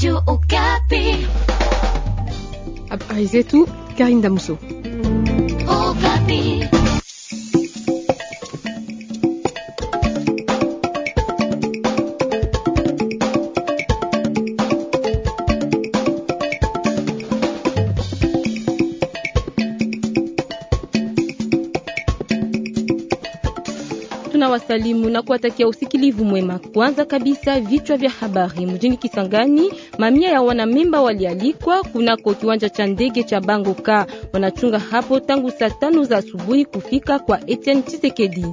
Radio Okapi. Habari ah, ah, zetu Karinda Muso. Okapi. tunawasalimu na kuwatakia usikilivu mwema. Kwanza kabisa, vichwa vya habari. Mjini Kisangani, mamia ya wanamemba walialikwa kunako kiwanja cha ndege cha Bango Ka. Wanachunga hapo tangu saa tano za asubuhi kufika kwa Etienne Tshisekedi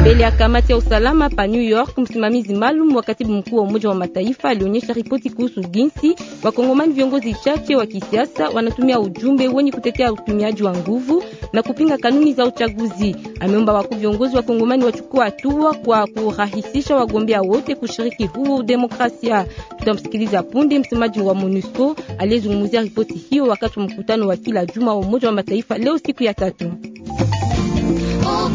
mbele ya kamati ya usalama pa New York. Msimamizi maalum wa katibu mkuu wa Umoja wa Mataifa alionyesha ripoti kuhusu jinsi wakongomani viongozi chache wa kisiasa wanatumia ujumbe wenye kutetea utumiaji wa nguvu na kupinga kanuni za uchaguzi. Ameomba wakuu viongozi wa kongomani wa kuchukua hatua kwa kurahisisha wagombea wote kushiriki huo demokrasia. Tutamsikiliza punde msemaji wa MONUSCO aliyezungumzia ripoti hiyo wakati wa mkutano wa kila juma wa Umoja wa Mataifa leo siku ya tatu. Oh,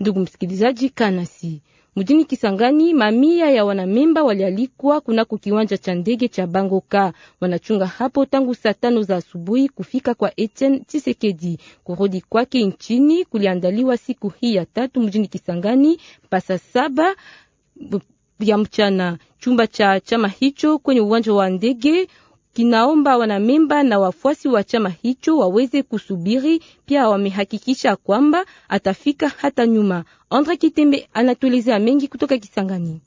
Ndugu msikilizaji, kanasi Mjini Kisangani, mamia ya wanamemba walialikwa kunako kiwanja cha ndege cha Bangoka. Wanachunga hapo tangu saa tano za asubuhi. Kufika kwa Etienne Tshisekedi kurudi kwake nchini kuliandaliwa siku hii ya tatu mjini Kisangani pasa saba ya mchana. Chumba cha chama hicho kwenye uwanja wa ndege kinaomba wanamemba na wafuasi wa chama hicho waweze kusubiri. Pia wamehakikisha kwamba atafika hata nyuma. Andre Kitembe anatuelezea mengi kutoka Kisangani.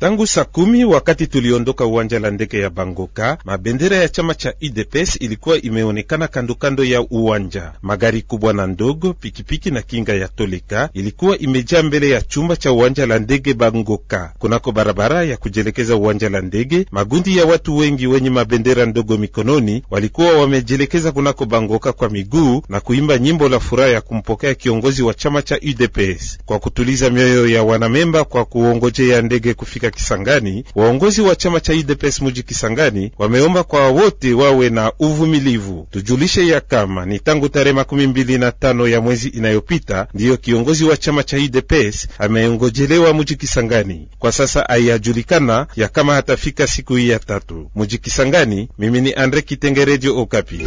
Tangu saa kumi wakati tuliondoka uwanja la ndege ya Bangoka, mabendera ya chama cha UDPS ilikuwa imeonekana kandokando ya uwanja. Magari kubwa na ndogo, pikipiki na kinga ya toleka ilikuwa imejaa mbele ya chumba cha uwanja la ndege Bangoka. Kunako barabara ya kujelekeza uwanja la ndege, magundi ya watu wengi wenye mabendera ndogo mikononi walikuwa wamejelekeza kunako Bangoka kwa miguu na kuimba nyimbo la furaha ya kumpokea kiongozi wa chama cha UDPS kwa kutuliza mioyo ya wanamemba kwa kuongojea ndege kufika ya Kisangani, waongozi wa chama cha UDPS muji Kisangani wameomba kwa wote wawe na uvumilivu. Tujulishe ya kama ni tangu tarehe makumi mbili na tano ya mwezi inayopita ndiyo kiongozi wa chama cha UDPS ameongojelewa muji Kisangani. Kwa sasa aiyajulikana ya kama hatafika siku hii ya tatu muji Kisangani. Mimi ni Andre Kitenge, Redio Okapi.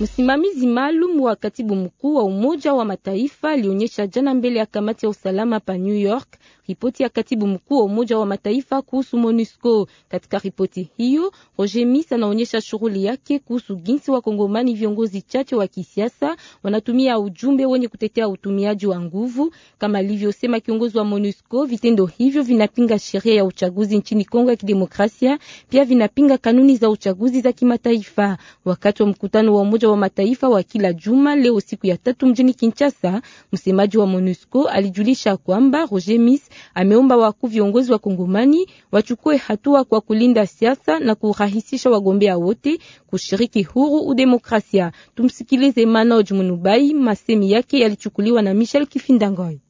Msimamizi maalum wa katibu mkuu wa Umoja wa Mataifa alionyesha jana mbele ya kamati ya usalama pa New York ripoti ya katibu mkuu wa Umoja wa Mataifa kuhusu MONUSCO. Katika ripoti hiyo, Roger Miss anaonyesha shughuli yake kuhusu jinsi Wakongomani viongozi chache wa kisiasa wanatumia ujumbe wenye kutetea utumiaji wa nguvu. Kama alivyosema kiongozi wa MONUSCO, vitendo hivyo vinapinga sheria ya uchaguzi nchini Kongo ya Kidemokrasia, pia vinapinga kanuni za uchaguzi za kimataifa. Wakati wa mkutano wa Umoja wa Mataifa wa kila juma leo siku ya tatu mjini Kinshasa, msemaji wa MONUSCO alijulisha kwamba Roger Miss Ameomba wakuu viongozi wa Kongomani wachukue hatua kwa kulinda siasa na kurahisisha wagombea wote kushiriki huru udemokrasia. Tumsikilize Manoj Munubai, masemi yake yalichukuliwa na Michel Kifindangoi.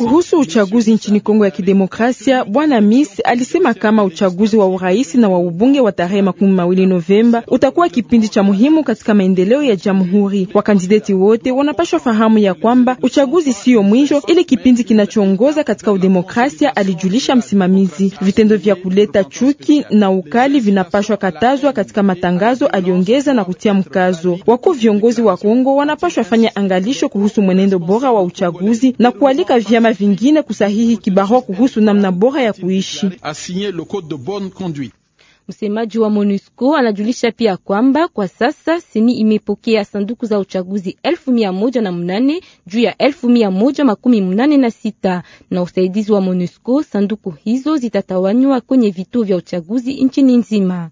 Kuhusu uchaguzi nchini Kongo ya Kidemokrasia, Bwana Miss alisema kama uchaguzi wa urais na wa ubunge wa tarehe makumi mawili Novemba utakuwa kipindi cha muhimu katika maendeleo ya jamhuri. Wakandideti wote wanapashwa fahamu ya kwamba uchaguzi siyo mwisho, ili kipindi kinachoongoza katika udemokrasia, alijulisha msimamizi. Vitendo vya kuleta chuki na ukali vinapashwa katazwa katika matangazo, aliongeza na kutia mkazo. Wakuu viongozi wa Kongo wanapashwa fanya angalisho kuhusu mwenendo bora bora wa uchaguzi na kualika vyama vingine kusahihi kibarua kuhusu namna bora ya kuishi. Msemaji wa MONUSCO anajulisha pia kwamba kwa sasa seni imepokea sanduku za uchaguzi elfu mia moja na mnane juu ya elfu mia moja makumi mnane na sita na usaidizi wa MONUSCO. Sanduku hizo zitatawanywa kwenye vituo vya uchaguzi nchini nzima.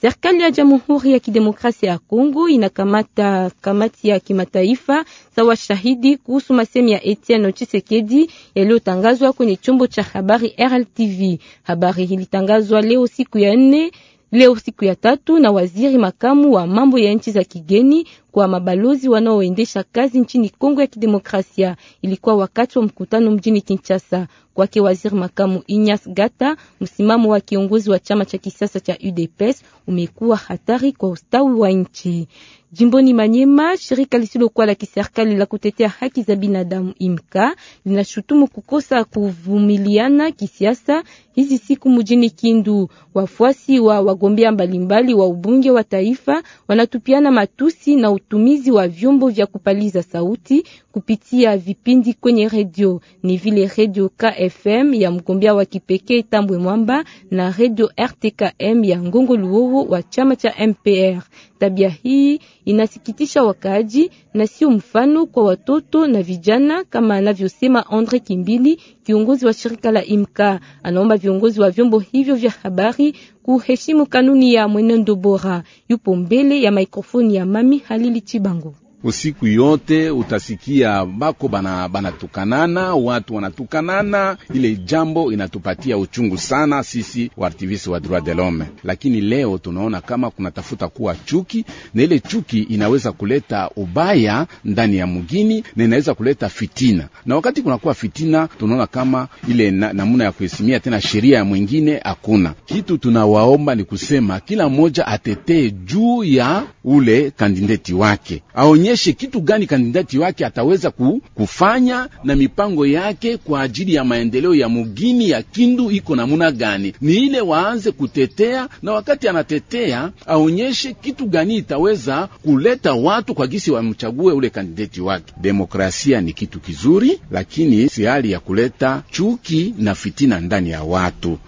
Serikali ya Jamhuri ya Kidemokrasia ya Kongo inakamata kamati ya kimataifa za washahidi kuhusu masemi ya Etienne Tshisekedi yaliyotangazwa kwenye chombo cha habari RLTV. Habari ilitangazwa leo siku ya nne leo siku ya tatu na waziri makamu wa mambo ya nchi za kigeni kwa mabalozi wanaoendesha kazi nchini Kongo ya Kidemokrasia. Ilikuwa wakati wa mkutano mjini Kinshasa. Kwake waziri makamu Inyas Gata, msimamo wa kiongozi wa chama cha kisiasa cha UDPS umekuwa hatari kwa ustawi wa nchi. Jimboni Manyema, shirika lisilokuwa la kiserikali la kutetea haki za binadamu IMKA linashutumu kukosa kuvumiliana kisiasa hizi siku mjini Kindu. Wafuasi wa wagombea mbalimbali wa ubunge wa taifa wanatupiana matusi na utumizi wa vyombo vya kupaliza sauti kupitia vipindi kwenye redio ni vile redio KFM ya mgombea wa kipekee Tambwe Mwamba na redio RTKM ya Ngongo Luoho wa chama cha MPR. Tabia hii inasikitisha wakaaji na sio mfano kwa watoto na vijana, kama anavyosema Andre Kimbili, kiongozi wa shirika la Imka. Anaomba viongozi wa vyombo hivyo vya habari kuheshimu kanuni ya mwenendo bora. Yupo mbele ya mikrofoni ya Mami Halili Chibango usiku yote utasikia bako bana banatukanana, watu wanatukanana. Ile jambo inatupatia uchungu sana sisi waaktivisti wa droit de l'homme, lakini leo tunaona kama kunatafuta kuwa chuki, na ile chuki inaweza kuleta ubaya ndani ya mugini na inaweza kuleta fitina, na wakati kunakuwa fitina, tunaona kama ile namuna na ya kuisimia tena sheria ya mwingine hakuna kitu. Tunawaomba ni kusema kila mmoja atetee juu ya ule kandideti wake aonye aonyeshe kitu gani kandidati wake ataweza ku, kufanya na mipango yake kwa ajili ya maendeleo ya mugini ya Kindu iko namuna gani, ni ile waanze kutetea, na wakati anatetea aonyeshe kitu gani itaweza kuleta watu kwa gisi wamchague ule kandidati wake. Demokrasia ni kitu kizuri, lakini si hali ya kuleta chuki na fitina ndani ya watu.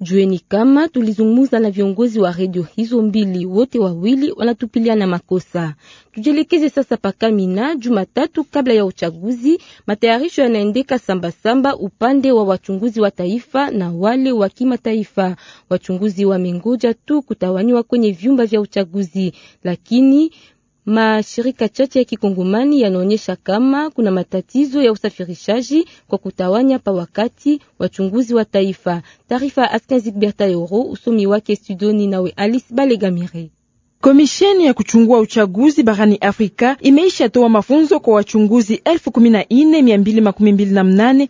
Jueni kama tulizungumza na viongozi wa redio hizo mbili, wote wawili wanatupiliana makosa. Tujielekeze sasa pakamina. Jumatatu kabla ya uchaguzi, matayarisho yanaendeka sambasamba upande wa wachunguzi wa taifa na wale wa kimataifa. Wachunguzi wamengoja tu kutawanywa kwenye vyumba vya uchaguzi, lakini Mashirika chache ya kikongomani yanaonyesha kama kuna matatizo ya usafirishaji kwa kutawanya pa wakati wachunguzi wa taifa. Taarifa ya Askenzik yoro usomi wake studioni nawe Alice Balegamire. Komisheni ya kuchungua uchaguzi barani Afrika imeisha toa mafunzo kwa wachunguzi elfu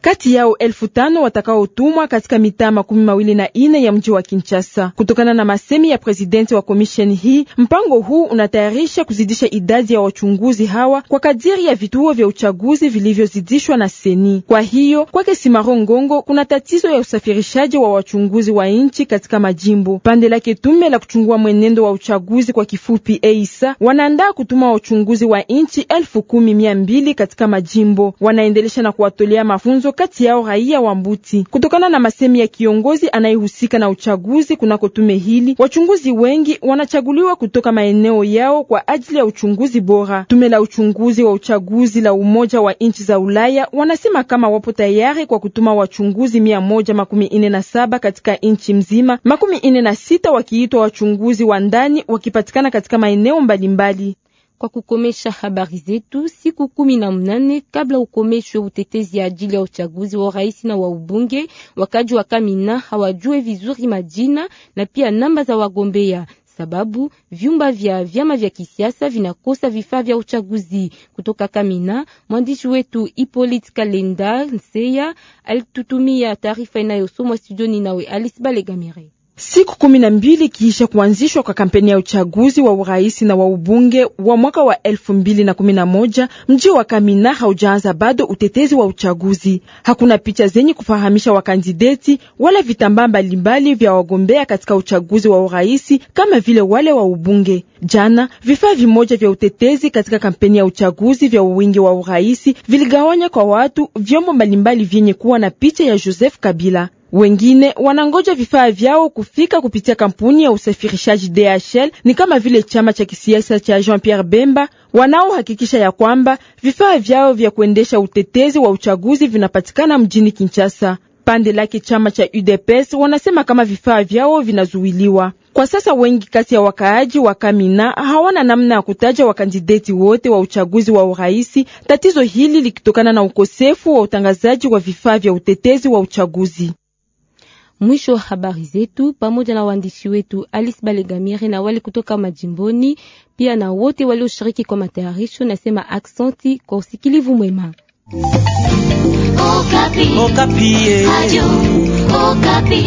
kati yao elfu watakaotumwa katika mitaa makumi mawili na ya mji wa Kinshasa. Kutokana na masemi ya presidenti wa komisheni hii, mpango huu unatayarisha kuzidisha idadi ya wachunguzi hawa kwa kadiri ya vituo vya uchaguzi vilivyozidishwa na seni. Kwa hiyo kwake Simaro Ngongo, kuna tatizo ya usafirishaji wa wachunguzi wa nchi katika majimbo. Pande lake tume la kuchungua mwenendo wa uchaguzi kwa kifupi EISA, wanaandaa kutuma wachunguzi wa nchi elfu kumi mia mbili katika majimbo. Wanaendelesha na kuwatolea mafunzo, kati yao raia wa Mbuti. Kutokana na masemi ya kiongozi anayehusika na uchaguzi kunako tume hili, wachunguzi wengi wanachaguliwa kutoka maeneo yao kwa ajili ya uchunguzi bora. Tume la uchunguzi wa uchaguzi la Umoja wa Nchi za Ulaya wanasema kama wapo tayari kwa kutuma wachunguzi mia moja makumi ine na saba katika nchi mzima, makumi ine na sita wakiitwa wachunguzi wa ndani wakipata zinapatikana katika maeneo mbalimbali kwa kukomesha habari zetu siku kumi na mnane kabla ukomeshwe utetezi ya ajili ya uchaguzi wa rais na wa ubunge. Wakaji wa Kamina hawajue vizuri majina na pia namba za wagombea, sababu vyumba vya vyama vya kisiasa vinakosa vifaa vya uchaguzi. Kutoka Kamina, mwandishi wetu Ipolit Kalenda Nseya alitutumia taarifa inayosomwa studioni nawe Alice Balegamire. Siku kumi na mbili kiisha kuanzishwa kwa kampeni ya uchaguzi wa urais na wa ubunge wa mwaka wa elfu mbili na kumi na moja mji wa Kamina haujaanza bado utetezi wa uchaguzi. Hakuna picha zenye kufahamisha wakandideti wala vitambaa mbalimbali vya wagombea katika uchaguzi wa urais kama vile wale wa ubunge. Jana vifaa vimoja vya utetezi katika kampeni ya uchaguzi vya uwingi wa urais viligawanya kwa watu vyombo mbalimbali vyenye kuwa na picha ya Joseph Kabila. Wengine wanangoja vifaa vyao kufika kupitia kampuni ya usafirishaji DHL, ni kama vile chama cha kisiasa cha Jean Pierre Bemba wanaohakikisha ya kwamba vifaa vyao vya kuendesha utetezi wa uchaguzi vinapatikana mjini Kinshasa. Pande lake chama cha UDPS wanasema kama vifaa vyao vinazuiliwa kwa sasa. Wengi kati ya wakaaji wa Kamina hawana namna ya kutaja wakandideti wote wa uchaguzi wa uraisi, tatizo hili likitokana na ukosefu wa utangazaji wa vifaa vya utetezi wa uchaguzi. Mwisho wa habari zetu pamoja na waandishi wetu Alice Balegamire na wale kutoka majimboni pia na wote walioshiriki kwa matayarisho, nasema aksanti kwa usikilivu mwema. Okapi. Okapi. Adio. Okapi.